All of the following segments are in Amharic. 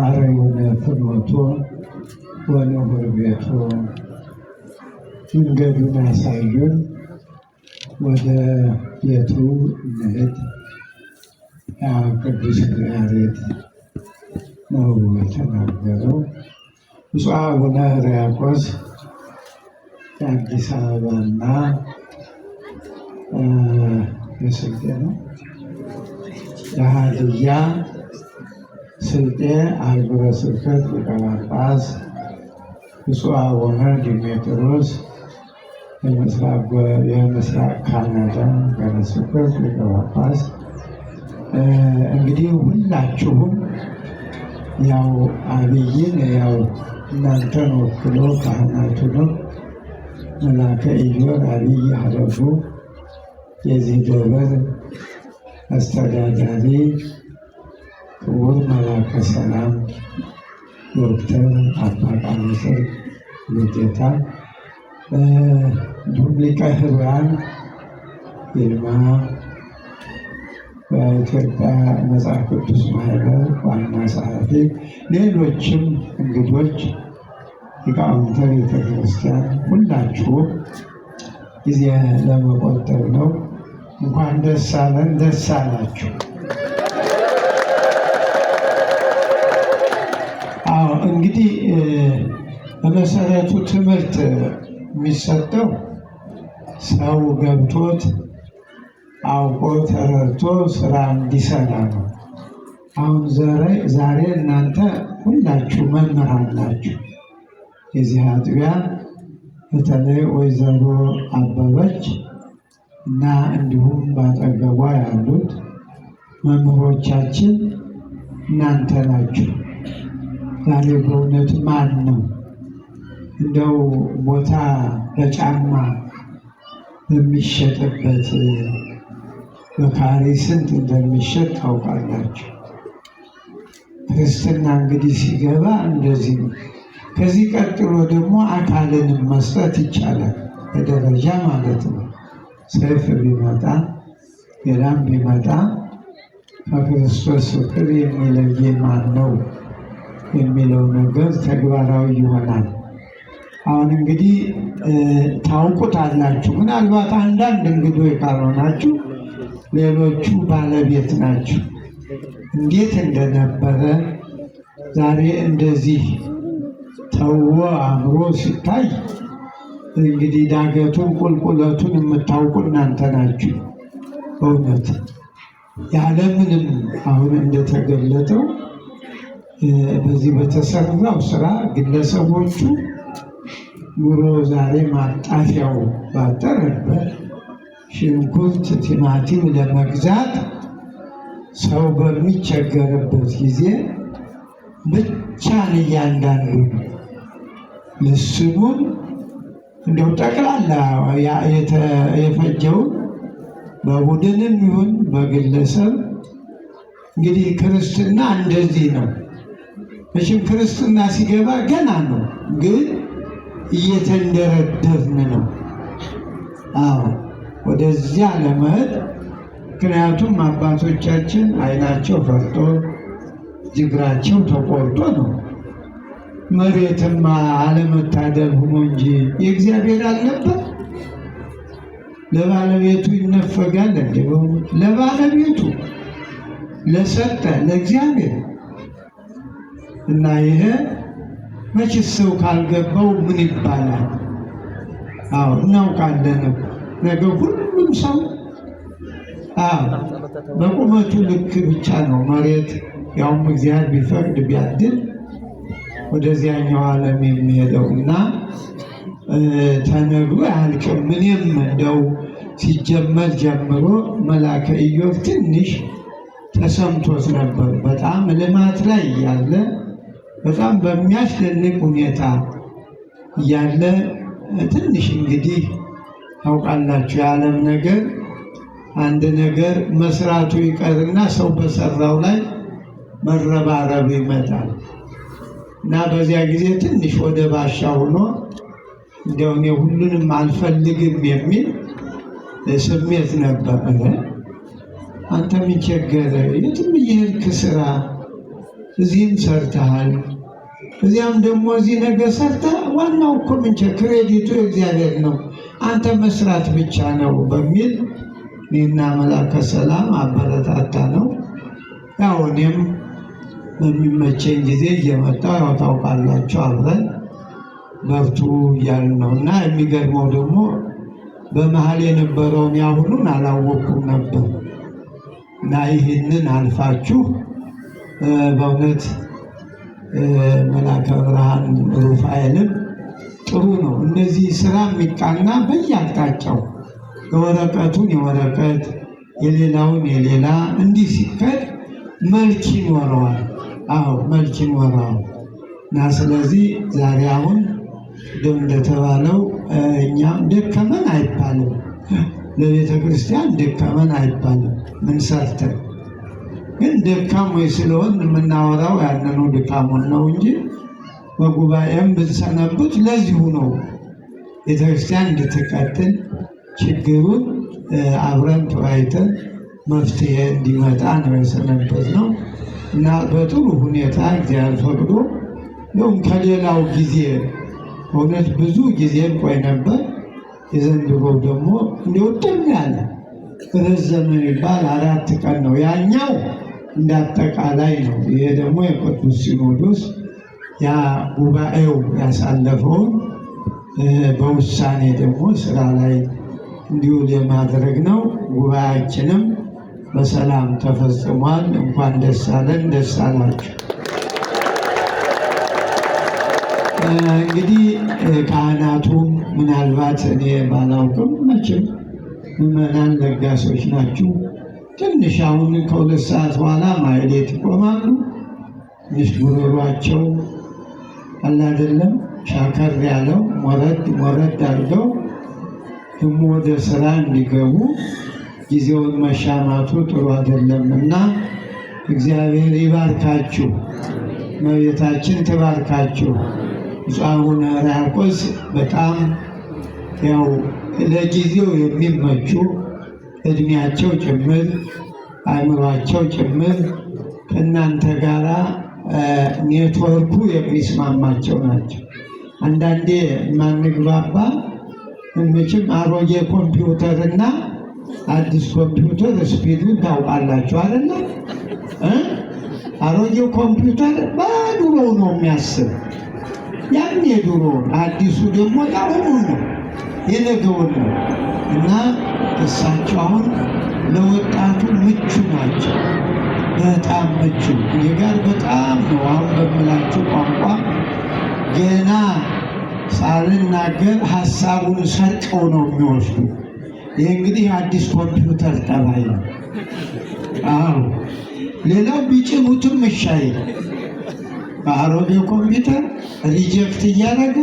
አረዩነ ፍኖቶ ወነሁር ቤቶ መንገዱን አሳዩን፣ ወደ ቤቱ እንሂድ። ቅዱስ ያሬድ ነው የተናገረው። ብፁዕ አቡነ ሕርያቆስ የአዲስ አበባና የስልጤ ነው የሀድያ ስልጤ አህጉረ ስብከት ሊቀ ጳጳስ ብፁዕ አቡነ ዲሜጥሮስ የምስራቅ ካልነደም ሀገረ ስብከት ሊቀ ጳጳስ እንግዲህ ሁላችሁም ያው አብይን ያው እናንተን ወክሎ ካህናቱንም መላከ ኢዮር አብይ ሀለፉ የዚህ ደብር አስተዳዳሪ ክቡር መላከ ሰላም ዶክተር አባ ቃሚስር ሙሉጌታ እንዲሁም ሊቀ ይልማ በኢትዮጵያ መጽሐፍ ቅዱስ ማህበር ዋና ጸሐፊ፣ ሌሎችም እንግዶች፣ ሊቃውንተ ቤተክርስቲያን ሁላችሁም ጊዜ ለመቆጠብ ነው። እንኳን ደስ አለን፣ ደስ አላችሁ። በመሰረቱ ትምህርት የሚሰጠው ሰው ገብቶት አውቆ ተረድቶ ስራ እንዲሰራ ነው። አሁን ዛሬ እናንተ ሁላችሁ መምህር አላችሁ። የዚህ አጥቢያ በተለይ ወይዘሮ አበበች እና እንዲሁም ባጠገቧ ያሉት መምህሮቻችን እናንተ ናችሁ። ዛሬ በእውነት ማን ነው እንደው ቦታ በጫማ በሚሸጥበት በካሬ ስንት እንደሚሸጥ ታውቃላችሁ። ክርስትና እንግዲህ ሲገባ እንደዚህ ነው። ከዚህ ቀጥሎ ደግሞ አካልንም መስጠት ይቻላል፣ በደረጃ ማለት ነው። ሰይፍ ቢመጣ ሌላም ቢመጣ ከክርስቶስ ፍቅር የሚለየ ማን ነው የሚለው ነገር ተግባራዊ ይሆናል። አሁን እንግዲህ ታውቁታላችሁ። ምናልባት አንዳንድ እንግዶች ካልሆናችሁ ሌሎቹ ባለቤት ናችሁ። እንዴት እንደነበረ ዛሬ እንደዚህ ተውቦ አምሮ ሲታይ እንግዲህ ዳገቱን ቁልቁለቱን የምታውቁ እናንተ ናችሁ። በእውነት ያለምንም አሁን እንደተገለጠው በዚህ በተሰራው ስራ ግለሰቦቹ ኑሮ ዛሬ ማጣፊያው ባጠረበት ሽንኩርት፣ ቲማቲም ለመግዛት ሰው በሚቸገርበት ጊዜ ብቻን እያንዳንዱ ልስኑን እንደው ጠቅላላ የፈጀውን በቡድንም ይሁን በግለሰብ እንግዲህ ክርስትና እንደዚህ ነው። መቼም ክርስትና ሲገባ ገና ነው ግን እየተንደረደርን ነው። አዎ ወደዚያ ለመሄድ ምክንያቱም አባቶቻችን አይናቸው ፈርጦ ጅግራቸው ተቆርጦ ነው። መሬትማ አለመታደል ሆኖ እንጂ የእግዚአብሔር አልነበር። ለባለቤቱ ይነፈጋል እንዴ? ለባለቤቱ ለሰጠ ለእግዚአብሔር እና ይሄ መችስ ሰው ካልገባው ምን ይባላል? አዎ እናውቃለን። ነገ ሁሉም ሰው በቁመቱ ልክ ብቻ ነው መሬት ያውም እግዚአብሔር ቢፈቅድ ቢያድል ወደዚያኛው ዓለም የሚሄደው እና ተነግሮ አያልቅም። ምን የምንደው ሲጀመር ጀምሮ መላከ ኢዮብ ትንሽ ተሰምቶት ነበር። በጣም ልማት ላይ ያለ በጣም በሚያስደንቅ ሁኔታ ያለ ትንሽ እንግዲህ ታውቃላችሁ፣ የዓለም ነገር አንድ ነገር መስራቱ ይቀርና ሰው በሰራው ላይ መረባረብ ይመጣል እና በዚያ ጊዜ ትንሽ ወደ ባሻ ሆኖ እንዲያው እኔ ሁሉንም አልፈልግም የሚል ስሜት ነበረ። አንተ ምን ቸገረ? የትም እየሄድክ ስራ እዚህም ሰርተሃል፣ እዚያም ደግሞ እዚህ ነገር ሰርተ ዋናው እኮ ምንቸ ክሬዲቱ እግዚአብሔር ነው፣ አንተ መስራት ብቻ ነው በሚል እኔና መላከ ሰላም አበረታታ ነው። ያው እኔም በሚመቸኝ ጊዜ እየመጣሁ ያው ታውቃላችሁ አብረን በርቱ እያሉ ነው እና የሚገርመው ደግሞ በመሀል የነበረውን ያሁኑን አላወቅኩም ነበር እና ይህንን አልፋችሁ በእውነት መላከ ብርሃን ሩፋኤልም ጥሩ ነው። እንደዚህ ስራ የሚቃና በየአቅጣጫው የወረቀቱን የወረቀት የሌላውን የሌላ እንዲህ ሲከድ መልክ ይኖረዋል። አዎ መልክ ይኖረዋል። እና ስለዚህ ዛሬ አሁን ደም እንደተባለው እኛም ደከመን አይባልም፣ ለቤተ ክርስቲያን ደከመን አይባልም። ምን ሰርተን ግን ደካሞ ስለሆን የምናወራው ያንኑ ድካሙን ነው እንጂ በጉባኤም ብንሰነብት ለዚሁ ነው። ቤተክርስቲያን እንድትቀጥል ችግሩን አብረን ተወያይተን መፍትሄ እንዲመጣ ነው የሰነበት ነው እና በጥሩ ሁኔታ እግዚአብሔር ፈቅዶ እንደውም ከሌላው ጊዜ እውነት ብዙ ጊዜ ቆይ ነበር። የዘንድሮ ደግሞ እንዲወድም ያለ ረዘመ የሚባል አራት ቀን ነው ያኛው እንዳጠቃላይ ነው። ይሄ ደግሞ የቅዱስ ሲኖዶስ ያ ጉባኤው ያሳለፈውን በውሳኔ ደግሞ ስራ ላይ እንዲውል የማድረግ ነው። ጉባኤያችንም በሰላም ተፈጽሟል። እንኳን ደስ አለን፣ ደስ አላችሁ። እንግዲህ ካህናቱ ምናልባት እኔ ባላውቅም መቼም ምዕመናን ለጋሶች ናችሁ ትንሽ አሁን ከሁለት ሰዓት በኋላ ማህሌት ይቆማሉ። ትንሽ ጉሮሯቸው አላደለም ሻከር ያለው ሞረድ ሞረድ አድርገው ደግሞ ወደ ስራ እንዲገቡ ጊዜውን መሻማቱ ጥሩ አይደለም እና እግዚአብሔር ይባርካችሁ፣ መቤታችን ትባርካችሁ። ብፁዕ አቡነ ሕርያቆስ በጣም ያው ለጊዜው የሚመቹ እድሜያቸው ጭምር አእምሯቸው ጭምር ከእናንተ ጋራ ኔትወርኩ የሚስማማቸው ናቸው። አንዳንዴ ማንግባባ መቼም አሮጌ ኮምፒውተር እና አዲስ ኮምፒውተር ስፒዱን ታውቃላችሁ አይደለ? አሮጌው ኮምፒውተር በድሮ ነው የሚያስብ ያም የድሮ አዲሱ ደግሞ ያሁኑ ነው የነገውን ነው እና እሳቸው አሁን ለወጣቱ ምቹ ናቸው። በጣም ምቹ እኔ ጋር በጣም ነው። አሁን በምላችሁ ቋንቋ ገና ሳልናገር ሀሳቡን ሰርቀው ነው የሚወስዱ። ይህ እንግዲህ አዲስ ኮምፒውተር ጠባይ ነው። አዎ ሌላው ቢጭሙትም እሻይ በአሮጌ ኮምፒውተር ሪጀክት እያደረገ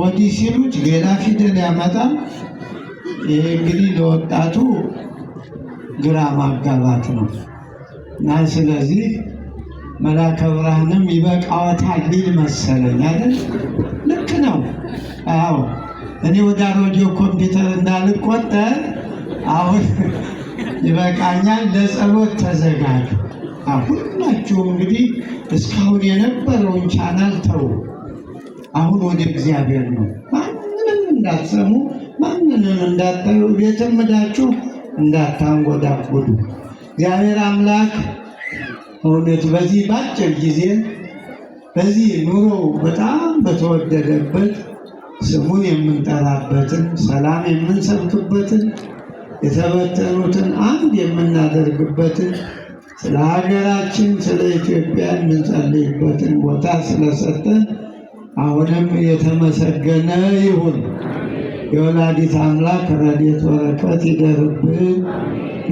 ወዲህ ሲሉት ሌላ ፊደል ያመጣል። ይህ እንግዲህ ለወጣቱ ግራ ማጋባት ነው እና ስለዚህ መላከ ብርሃንም ይበቃዎታል ሊል መሰለኝ አይደል? ልክ ነው። አዎ እኔ ወደ ሮዲዮ ኮምፒውተር እንዳልቆጠር አሁን ይበቃኛል፣ ለጸሎት ተዘጋጁ። ሁላችሁ እንግዲህ እስካሁን የነበረውን ቻናል ተው፣ አሁን ወደ እግዚአብሔር ነው። ማንንም እንዳትሰሙ ማንንም እንዳታዩ፣ ቤትም ሄዳችሁ እንዳታንጎዳጉዱ። እግዚአብሔር አምላክ እውነት በዚህ በአጭር ጊዜ በዚህ ኑሮ በጣም በተወደደበት ስሙን የምንጠራበትን ሰላም የምንሰብክበትን የተበተኑትን አንድ የምናደርግበትን ስለ ሀገራችን ስለ ኢትዮጵያ የምንጸልይበትን ቦታ ስለሰጠን አሁንም የተመሰገነ ይሁን። የወላዲት አምላክ ረድኤት በረከት ይደርብን።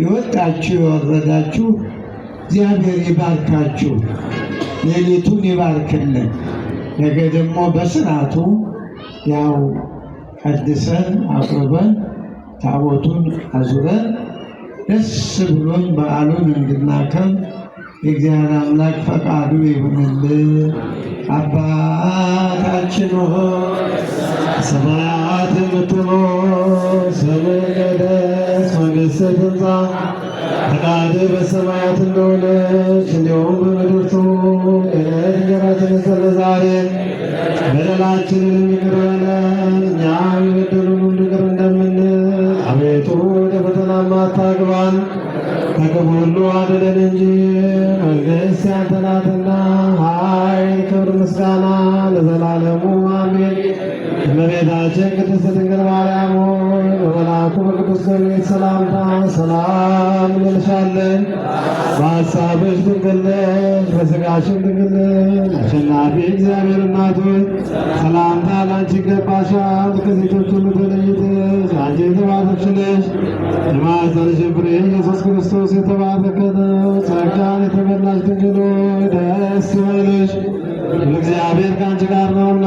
የወጣችሁ የወረዳችሁ እግዚአብሔር ይባርካችሁ፣ ሌሊቱን ይባርክልን። ነገ ደግሞ በስርዓቱ ያው ቀድሰን አቅርበን ታቦቱን አዙረን ደስ ብሎን በዓሉን እንድናከብ የእግዚአብሔር አምላክ ፈቃዱ ይሁንልን። አባ አምላካችን ሆይ ሰማያት የምትኖር ስምህ ይቀደስ፣ መንግሥትህ ትምጣ፣ ፈቃድህ በሰማያት እንደሆነች እንዲሁም በምድር ትሁን። እንጀራችንን ስጠን ዛሬ፣ በደላችንን ይቅር በለን እኛ አታግባን፣ ከክፉ ሁሉ አድነን እንጂ መንግሥት ያንተ ናትና፣ ኃይል፣ ክብር፣ ምስጋና ለዘላለሙ አሜን። እመቤታችን ቅድስት ድንግል ማርያም ሆይ በመልአኩ በቅዱስ ገብርኤል ሰላምታ ሰላም እንልሻለን። በሐሳብሽ ድንግል ነሽ፣ በሥጋሽም ድንግል ነሽ። አሸናፊ እግዚአብሔር እናት ሆይ ሰላምታ ላንቺ ይገባሻል። ከሴቶች ሁሉ ተለይተሽ አንቺ የተባረክሽ ነሽ። የማኅፀንሽ ፍሬ ኢየሱስ ክርስቶስ የተባረከ ነው። ጸጋን የተመላሽ ድንግል ሆይ ደስ ይበልሽ እግዚአብሔር ከአንቺ ጋር ነውና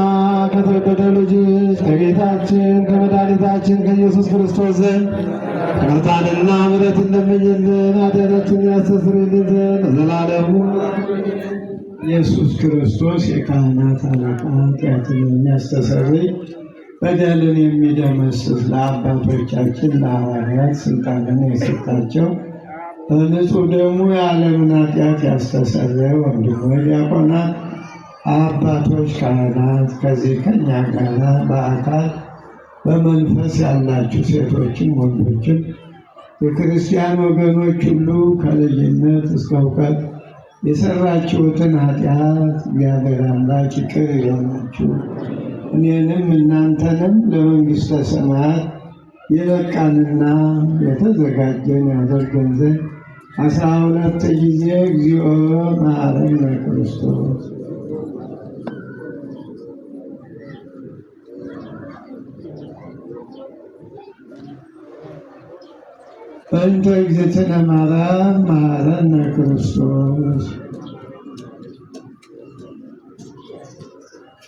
ከተወደደ ልጅሽ ከጌታችን ከመድኃኒታችን ከኢየሱስ ክርስቶስ ዘንድ ይቅርታንና ምሕረትን እንለምኝልን ኃጢአታችንን ያስተሰርይልን ዘንድ ለዘላለሙ። ኢየሱስ ክርስቶስ የካህናት አለቃ ኃጢአትን የሚያስተሰርይ በደልን የሚደመስስ ለአባቶቻችን ለሐዋርያት ስልጣንን የሰጣቸው በንጹሕ ደግሞ የዓለምን ኃጢአት ያስተሰረ ወንድሞ ዲያቆናት አባቶች ካህናት፣ ከዚህ ከኛ ጋር በአካል በመንፈስ ያላችሁ ሴቶችን ወንዶችን የክርስቲያን ወገኖች ሁሉ ከልጅነት እስከ እውቀት የሰራችሁትን ኃጢአት እግዚአብሔር አምላክ ይቅር ይለናችሁ፣ እኔንም እናንተንም ለመንግሥተ ሰማያት የበቃንና የተዘጋጀን ያደርገን ዘንድ አስራ ሁለት ጊዜ እግዚኦ መሐረነ ክርስቶስ በእንተ እግዝእትነ ማርያም መሐረነ ክርስቶስ